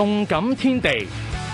動感天地，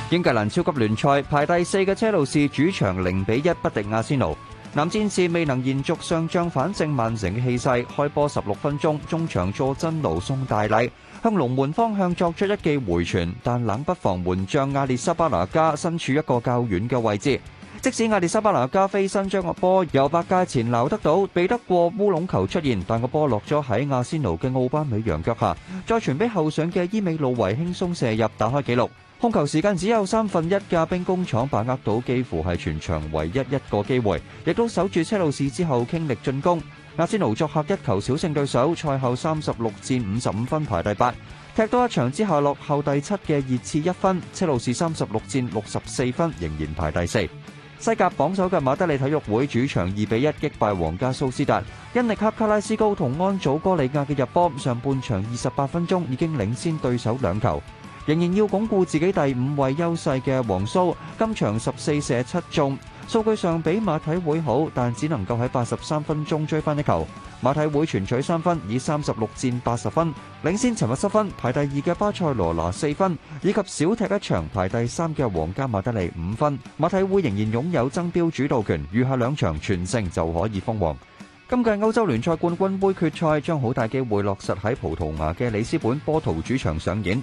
英格蘭超級聯賽排第四嘅車路士主場零比一不敵阿仙奴，南戰士未能延續上仗反勝曼城嘅氣勢。開波十六分鐘，中場佐真奴送大禮，向龍門方向作出一記回傳，但冷不防門將亞列沙巴拿加身處一個較遠嘅位置。即使亞利桑巴拿加飛身將個波由白界前撈得到，避得過烏龍球出現，但個波落咗喺亞仙奴嘅奧巴美羊腳下，再傳俾後上嘅伊美路維輕鬆射入，打開紀錄。控球時間只有三分一嘅兵工廠把握到幾乎係全場唯一一個機會，亦都守住車路士之後傾力進攻。亞仙奴作客一球小勝對手，賽後三十六戰五十五分排第八，踢多一場之下落後第七嘅熱刺一分。車路士三十六戰六十四分，仍然排第四。西甲榜首嘅馬德里體育會主場二比一擊敗皇家蘇斯達，因力克卡拉斯高同安祖哥里亞嘅入波，上半場二十八分鐘已經領先對手兩球，仍然要鞏固自己第五位優勢嘅皇蘇，今場十四射七中，數據上比馬體會好，但只能夠喺八十三分鐘追翻一球。馬體會全取三分，以三十六戰八十分領先尋日失分排第二嘅巴塞羅拿四分，以及少踢一場排第三嘅皇家馬德里五分。馬體會仍然擁有爭標主導權，餘下兩場全勝就可以封王。今屆歐洲聯賽冠軍杯決賽將好大機會落實喺葡萄牙嘅里斯本波圖主場上演。